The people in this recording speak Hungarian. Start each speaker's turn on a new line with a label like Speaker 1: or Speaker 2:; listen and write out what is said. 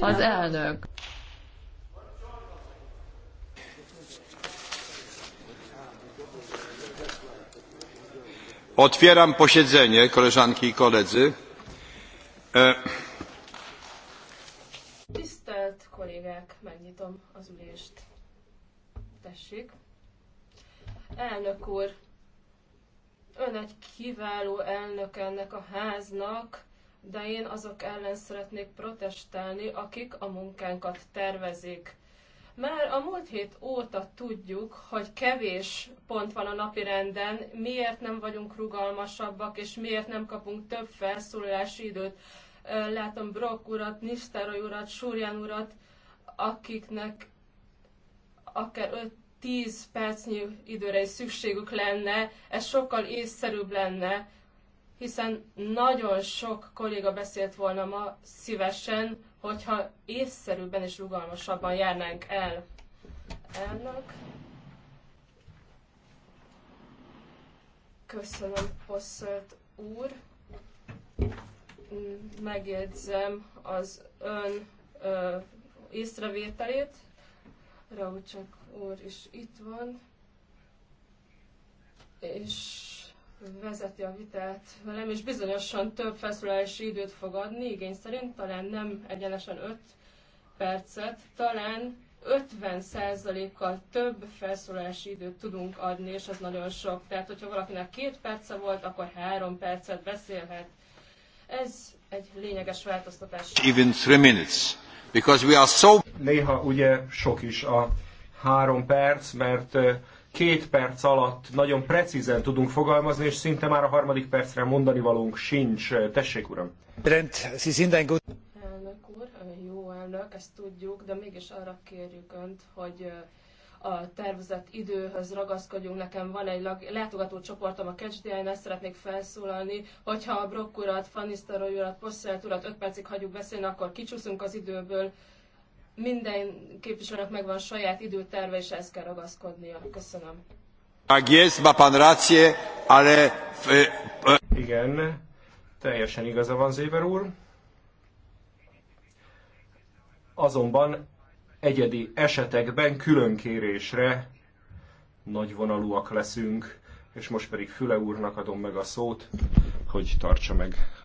Speaker 1: Az
Speaker 2: elnök. Otwieram posiedzenie, koleżanki i koledzy. E,
Speaker 1: Tisztelt kollégák, megnyitom az ülést. Tessék. Elnök úr, ön egy kiváló elnök ennek a háznak, de én azok ellen szeretnék protestálni, akik a munkánkat tervezik. Már a múlt hét óta tudjuk, hogy kevés pont van a renden, miért nem vagyunk rugalmasabbak, és miért nem kapunk több felszólalási időt. Látom Brock urat, Nisztároly urat, Súrján urat, akiknek akár 5-10 percnyi időre is szükségük lenne, ez sokkal észszerűbb lenne, hiszen nagyon sok kolléga beszélt volna ma szívesen, hogyha észszerűbben és rugalmasabban járnánk el. Elnök. Köszönöm, Posselt úr. Megjegyzem az ön ö, észrevételét. Raúcsak úr is itt van. És vezeti a vitát velem, és bizonyosan több felszólalási időt fog adni, igény szerint talán nem egyenesen 5 percet, talán 50%-kal több felszólalási időt tudunk adni, és ez nagyon sok. Tehát, hogyha valakinek két perce volt, akkor három percet beszélhet. Ez egy lényeges változtatás.
Speaker 2: Even three minutes, because we are so... Néha ugye sok is a három perc, mert két perc alatt nagyon precízen tudunk fogalmazni, és szinte már a harmadik percre mondani valónk sincs. Tessék, uram! Brent, Sie sind ein gut...
Speaker 1: Elnök úr, jó elnök, ezt tudjuk, de mégis arra kérjük Önt, hogy a tervezett időhöz ragaszkodjunk. Nekem van egy látogatócsoportom a Kecsdiáján, ezt szeretnék felszólalni. Hogyha a Brock urat, Fannister urat, Posselt urat 5 percig hagyjuk beszélni, akkor kicsúszunk az időből, minden képviselőnek megvan saját időterve, és ezt kell ragaszkodnia. Köszönöm.
Speaker 2: E, e, Igen, teljesen igaza van Zéber úr. Azonban egyedi esetekben különkérésre nagyvonalúak leszünk, és most pedig Füle úrnak adom meg a szót, hogy tartsa meg